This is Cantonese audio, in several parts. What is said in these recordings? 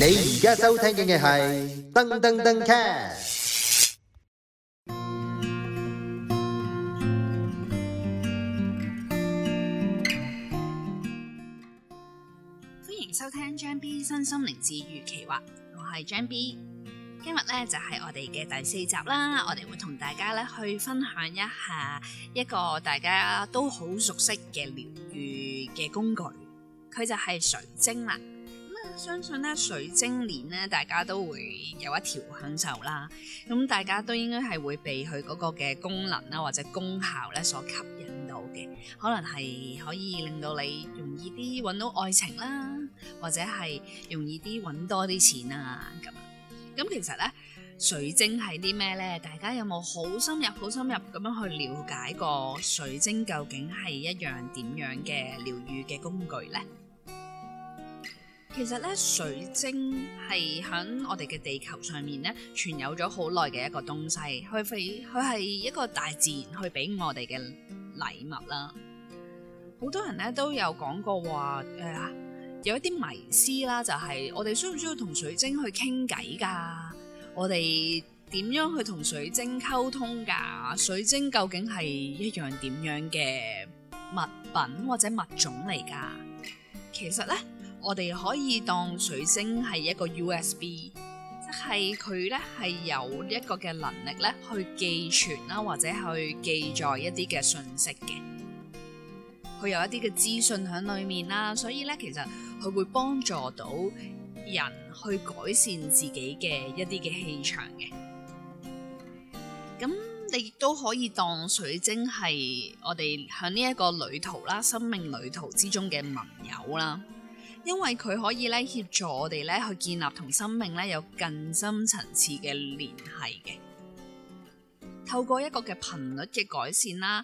你而家收聽緊嘅係噔噔噔 cast，歡迎收聽張 B 身心靈治癒奇話，我係張 B，今日咧就係我哋嘅第四集啦，我哋會同大家咧去分享一下一個大家都好熟悉嘅療癒嘅工具，佢就係水晶啦。相信咧，水晶鏈咧，大家都會有一條享受啦。咁大家都應該係會被佢嗰個嘅功能啦，或者功效咧所吸引到嘅，可能係可以令到你容易啲搵到愛情啦，或者係容易啲搵多啲錢啊咁。咁其實咧，水晶係啲咩咧？大家有冇好深入、好深入咁樣去了解過水晶究竟係一樣點樣嘅療愈嘅工具咧？其實咧，水晶係喺我哋嘅地球上面咧，存有咗好耐嘅一個東西。佢佢係一個大自然去俾我哋嘅禮物啦。好多人咧都有講過話，誒、呃，有一啲迷思啦，就係、是、我哋需唔需要同水晶去傾偈㗎？我哋點樣去同水晶溝通㗎？水晶究竟係一樣點樣嘅物品或者物種嚟㗎？其實咧。我哋可以當水晶係一個 USB，即係佢咧係有一個嘅能力咧去寄存啦，或者去記載一啲嘅信息嘅，佢有一啲嘅資訊喺裏面啦。所以咧，其實佢會幫助到人去改善自己嘅一啲嘅氣場嘅。咁你亦都可以當水晶係我哋喺呢一個旅途啦，生命旅途之中嘅盟友啦。因為佢可以咧協助我哋咧去建立同生命咧有更深層次嘅聯繫嘅，透過一個嘅頻率嘅改善啦，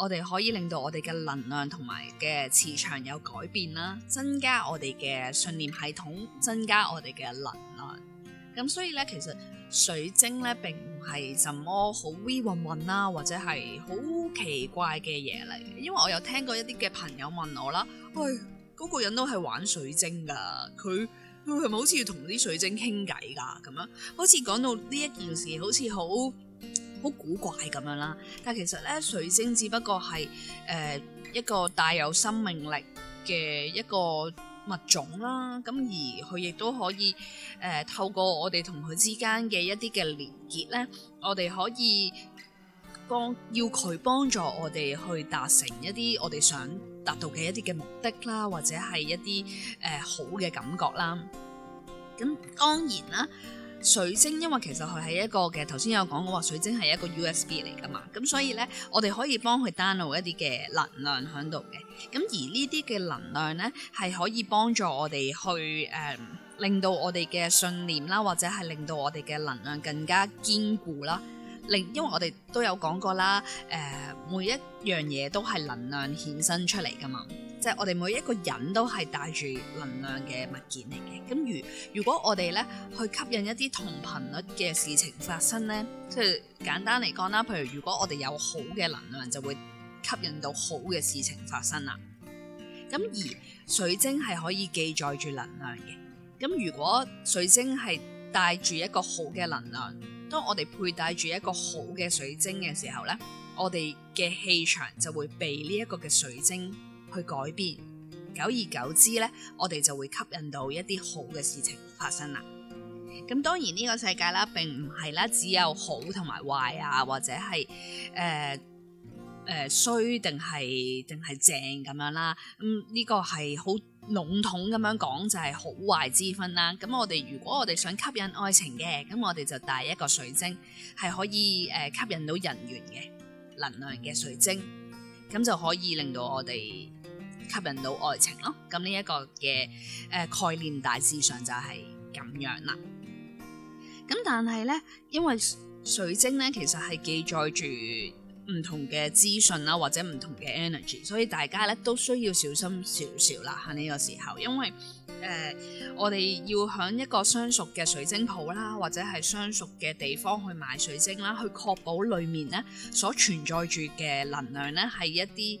我哋可以令到我哋嘅能量同埋嘅磁場有改變啦，增加我哋嘅信念系統，增加我哋嘅能量。咁所以咧，其實水晶咧並唔係什麼好 we 運運啦，或者係好奇怪嘅嘢嚟。因為我有聽過一啲嘅朋友問我啦，喂、哎。嗰個人都係玩水晶㗎，佢係咪好似要同啲水晶傾偈㗎咁樣？好似講到呢一件事，好似好好古怪咁樣啦。但係其實咧，水晶只不過係誒、呃、一個帶有生命力嘅一個物種啦。咁、呃、而佢亦都可以誒、呃、透過我哋同佢之間嘅一啲嘅連結咧，我哋可以幫要佢幫助我哋去達成一啲我哋想。達到嘅一啲嘅目的啦，或者係一啲誒、呃、好嘅感覺啦。咁當然啦，水晶因為其實佢係一個嘅，頭先有講過話，水晶係一個 USB 嚟噶嘛。咁所以咧，我哋可以幫佢 download 一啲嘅能量喺度嘅。咁而呢啲嘅能量咧，係可以幫助我哋去誒、呃，令到我哋嘅信念啦，或者係令到我哋嘅能量更加堅固啦。另，因為我哋都有講過啦，誒、呃，每一樣嘢都係能量衍生出嚟噶嘛，即係我哋每一個人都係帶住能量嘅物件嚟嘅。咁如如果我哋咧去吸引一啲同頻率嘅事情發生咧，即係簡單嚟講啦，譬如如果我哋有好嘅能量，就會吸引到好嘅事情發生啦。咁而水晶係可以記載住能量嘅，咁如果水晶係帶住一個好嘅能量。當我哋佩戴住一個好嘅水晶嘅時候，呢我哋嘅氣場就會被呢一個嘅水晶去改變，久而久之，呢我哋就會吸引到一啲好嘅事情發生啦。咁當然呢個世界啦，並唔係啦，只有好同埋壞啊，或者係誒。呃誒、呃、衰定係定係正咁樣啦，咁、嗯、呢、這個係好籠統咁樣講就係好壞之分啦。咁我哋如果我哋想吸引愛情嘅，咁我哋就帶一個水晶，係可以誒、呃、吸引到人緣嘅能量嘅水晶，咁就可以令到我哋吸引到愛情咯。咁呢一個嘅誒、呃、概念大致上就係咁樣啦。咁但係咧，因為水晶咧其實係記載住。唔同嘅資訊啦，或者唔同嘅 energy，所以大家咧都需要小心少少啦喺呢個時候，因為誒、呃、我哋要喺一個相熟嘅水晶鋪啦，或者係相熟嘅地方去買水晶啦，去確保裡面咧所存在住嘅能量咧係一啲誒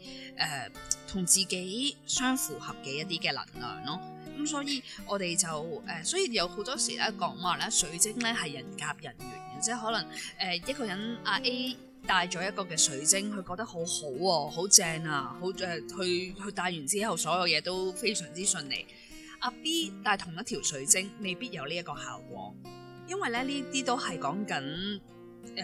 同自己相符合嘅一啲嘅能量咯。咁、嗯、所以我哋就誒、呃，所以有好多時咧講話咧，水晶咧係人夾人緣嘅，即係可能誒、呃、一個人阿、啊、A。戴咗一個嘅水晶，佢覺得好好喎、啊，好正啊，好誒，佢佢戴完之後，所有嘢都非常之順利。阿、啊、B 戴同一條水晶，未必有呢一個效果，因為咧呢啲都係講緊誒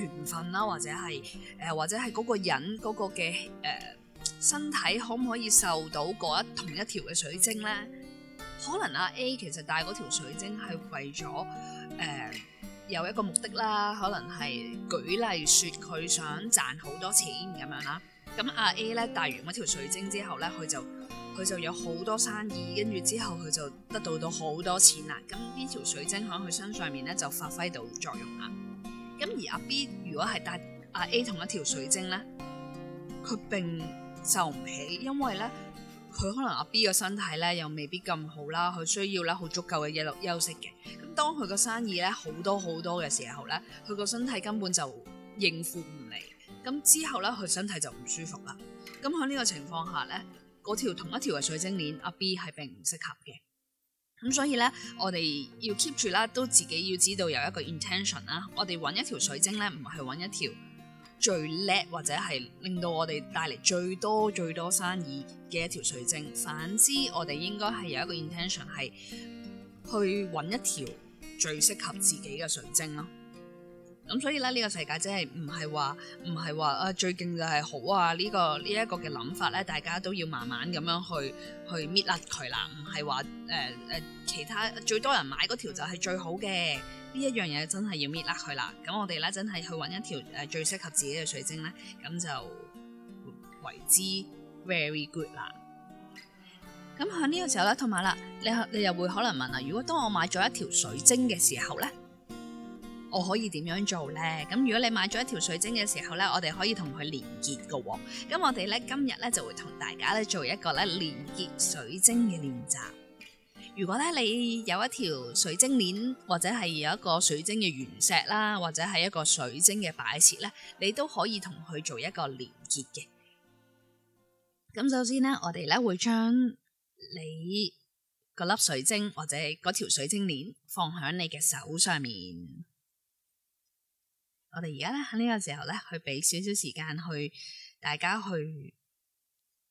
緣分啦、啊，或者係誒、呃、或者係嗰個人嗰、嗰個嘅誒、呃、身體可唔可以受到嗰一同一條嘅水晶咧？可能阿、啊、A 其實戴嗰條水晶係為咗誒。呃有一個目的啦，可能係舉例說佢想賺好多錢咁樣啦。咁阿 A 咧帶完嗰條水晶之後咧，佢就佢就有好多生意，跟住之後佢就得到到好多錢啦。咁呢條水晶喺佢身上面咧就發揮到作用啦。咁而阿 B 如果係帶阿 A 同一條水晶咧，佢並受唔起，因為咧。佢可能阿 B 個身體咧又未必咁好啦，佢需要咧好足夠嘅日落休息嘅。咁當佢個生意咧好多好多嘅時候咧，佢個身體根本就應付唔嚟。咁之後咧佢身體就唔舒服啦。咁喺呢個情況下咧，嗰條同一條嘅水晶鏈，阿 B 係並唔適合嘅。咁所以咧，我哋要 keep 住啦，都自己要知道有一個 intention 啦。我哋揾一條水晶咧，唔係揾一條。最叻，或者係令到我哋帶嚟最多最多生意嘅一條水晶，反之，我哋應該係有一個 intention，係去揾一條最適合自己嘅水晶囉。咁所以咧，呢、這個世界真係唔係話唔係話啊，最勁就係好啊！這個這個、呢個呢一個嘅諗法咧，大家都要慢慢咁樣去去搣甩佢啦，唔係話誒誒其他最多人買嗰條就係最好嘅。呢一樣嘢真係要搣甩佢啦。咁我哋咧真係去搵一條誒、啊、最適合自己嘅水晶咧，咁就為之 very good 啦。咁喺呢個時候咧，同埋啦，你你又會可能問啦，如果當我買咗一條水晶嘅時候咧？我可以點樣做呢？咁如果你買咗一條水晶嘅時候呢，我哋可以同佢連結嘅喎，哦。咁我哋呢，今日呢就會同大家呢做一個咧連結水晶嘅練習。如果咧你有一條水晶鏈，或者係有一個水晶嘅原石啦，或者係一個水晶嘅擺設呢，你都可以同佢做一個連結嘅。咁首先呢，我哋呢會將你嗰粒水晶或者嗰條水晶鏈放喺你嘅手上面。我哋而家咧喺呢個時候咧，去俾少少時間去大家去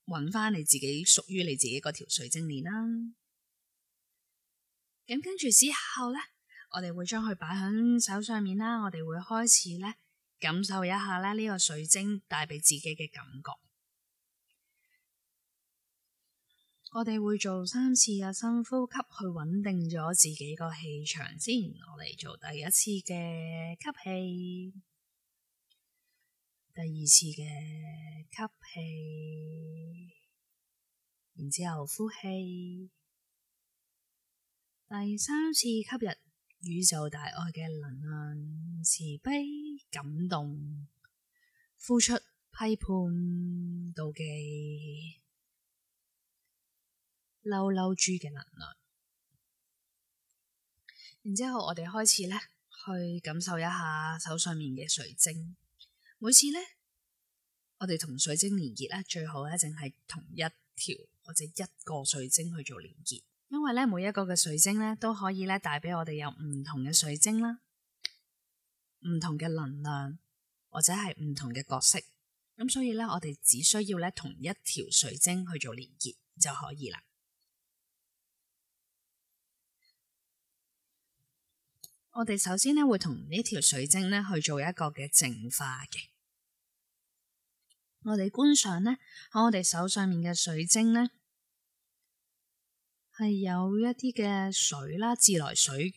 揾翻你自己屬於你自己嗰條水晶鏈啦。咁跟住之後咧，我哋會將佢擺喺手上面啦。我哋會開始咧感受一下咧呢個水晶帶俾自己嘅感覺。我哋會做三次嘅深呼吸，去穩定咗自己個氣場先。我哋做第一次嘅吸氣，第二次嘅吸氣，然之後呼氣，第三次吸入宇宙大愛嘅能量，慈悲感動，呼出批判妒忌。溜溜珠嘅能量，然之後我哋開始咧去感受一下手上面嘅水晶。每次咧，我哋同水晶連結咧，最好咧淨係同一條或者一個水晶去做連結，因為咧每一個嘅水晶咧都可以咧帶俾我哋有唔同嘅水晶啦，唔同嘅能量或者係唔同嘅角色。咁所以咧，我哋只需要咧同一條水晶去做連結就可以啦。我哋首先咧會同呢條水晶咧去做一個嘅淨化嘅，我哋觀賞咧，喺我哋手上面嘅水晶咧係有一啲嘅水啦，自來水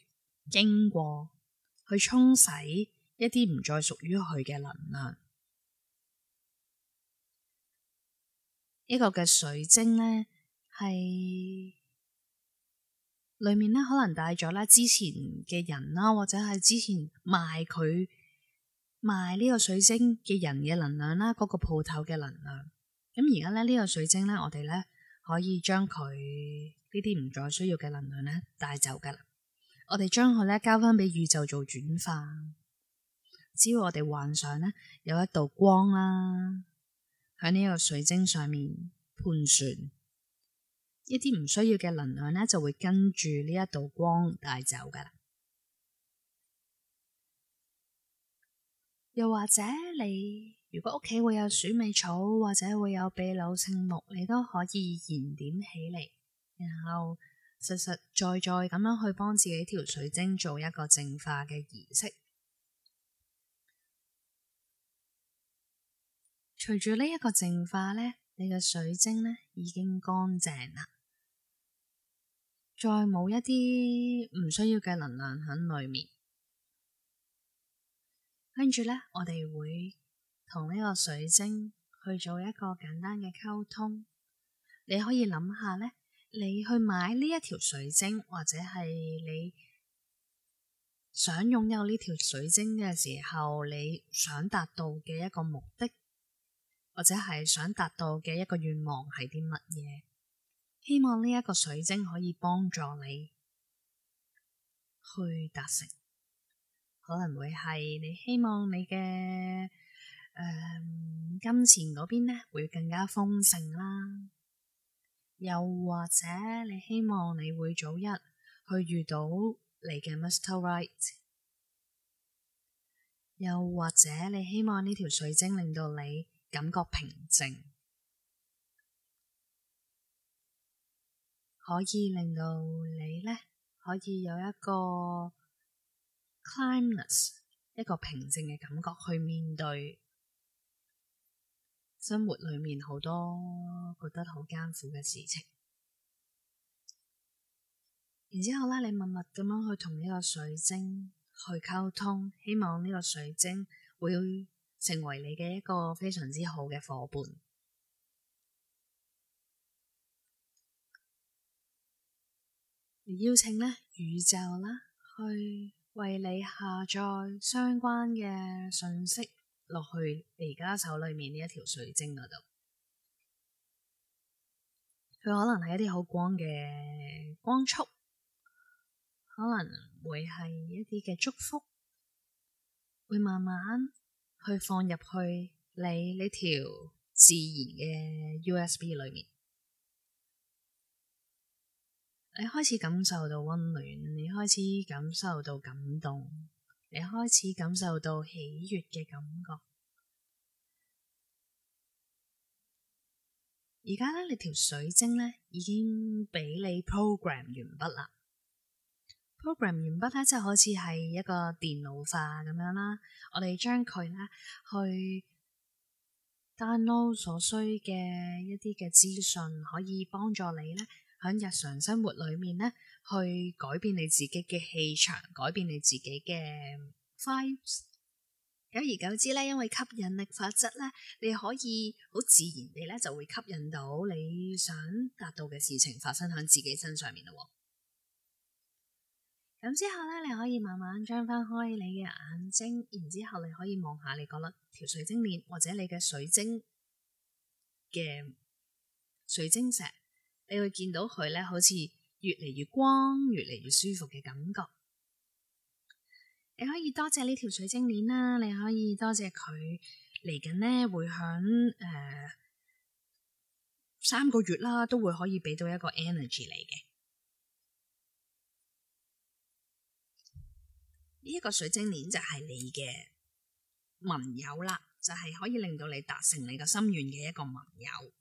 經過去沖洗一啲唔再屬於佢嘅能量，呢個嘅水晶咧係。裏面咧可能帶咗咧之前嘅人啦，或者係之前賣佢賣呢個水晶嘅人嘅能量啦，嗰個鋪頭嘅能量。咁而家咧呢個水晶咧，我哋咧可以將佢呢啲唔再需要嘅能量咧帶走噶啦。我哋將佢咧交翻俾宇宙做轉化，只要我哋幻想咧有一道光啦，喺呢個水晶上面盤旋。一啲唔需要嘅能量呢，就會跟住呢一道光帶走噶啦。又或者你如果屋企會有鼠尾草，或者會有秘魯聖木，你都可以燃點起嚟，然後實實在在咁樣去幫自己條水晶做一個淨化嘅儀式。隨住呢一個淨化呢，你嘅水晶呢已經乾淨啦。再冇一啲唔需要嘅能量喺裏面，跟住咧，我哋會同呢個水晶去做一個簡單嘅溝通。你可以諗下咧，你去買呢一條水晶，或者係你想擁有呢條水晶嘅時候，你想達到嘅一個目的，或者係想達到嘅一個願望係啲乜嘢？希望呢一個水晶可以幫助你去達成，可能會係你希望你嘅、嗯、金錢嗰邊咧會更加豐盛啦，又或者你希望你會早日去遇到你嘅 Mr. Right，又或者你希望呢條水晶令到你感覺平靜。可以令到你呢，可以有一個 calmness 一個平靜嘅感覺去面對生活裏面好多覺得好艱苦嘅事情。然之後呢，你默默咁樣去同呢個水晶去溝通，希望呢個水晶會成為你嘅一個非常之好嘅伙伴。邀請呢宇宙啦，去為你下載相關嘅信息落去你而家手裏面呢一條水晶嗰度，佢可能係一啲好光嘅光束，可能會係一啲嘅祝福，會慢慢去放入去你呢條自然嘅 USB 裏面。你開始感受到溫暖，你開始感受到感動，你開始感受到喜悅嘅感覺。而家咧，你條水晶咧已經俾你 program 完畢啦。program 完畢咧，即係好似係一個電腦化咁樣啦。我哋將佢咧去 download 所需嘅一啲嘅資訊，可以幫助你咧。喺日常生活裏面呢，去改變你自己嘅氣場，改變你自己嘅 vibes，久而久之咧，因為吸引力法則咧，你可以好自然地咧就會吸引到你想達到嘅事情發生喺自己身上面咯、哦。咁之後咧，你可以慢慢張翻開你嘅眼睛，然之後你可以望下你嗰粒條水晶鏈或者你嘅水晶嘅水晶石。你會見到佢咧，好似越嚟越光，越嚟越舒服嘅感覺。你可以多謝呢條水晶鏈啦，你可以多謝佢嚟緊咧會響誒、呃、三個月啦，都會可以俾到一個 energy 你嘅。呢、這、一個水晶鏈就係你嘅盟友啦，就係、是、可以令到你達成你個心願嘅一個盟友。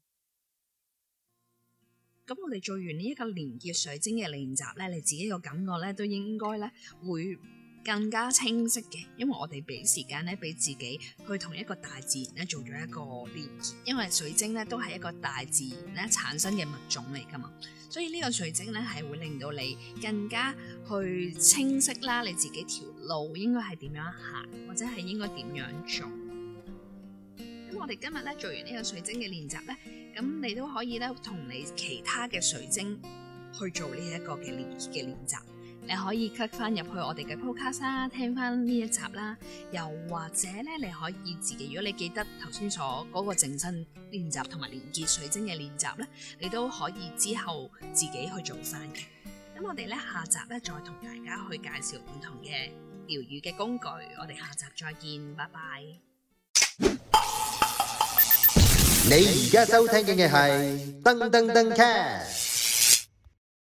咁我哋做完呢一個連結水晶嘅練習咧，你自己個感覺咧都應該咧會更加清晰嘅，因為我哋俾時間咧俾自己去同一個大自然咧做咗一個連結，因為水晶咧都係一個大自然咧產生嘅物種嚟噶嘛，所以呢個水晶咧係會令到你更加去清晰啦，你自己條路應該係點樣行，或者係應該點樣做。咁我哋今日咧做完呢個水晶嘅練習咧。咁你都可以咧，同你其他嘅水晶去做呢一個嘅連結嘅練習。你可以 cut 翻入去我哋嘅 podcast 啦，聽翻呢一集啦。又或者咧，你可以自己，如果你記得頭先所嗰個靜身練習同埋連結水晶嘅練習咧，你都可以之後自己去做翻嘅。咁我哋咧下集咧再同大家去介紹唔同嘅療癒嘅工具。我哋下集再見，拜拜。你而家收聽嘅係噔噔噔 cat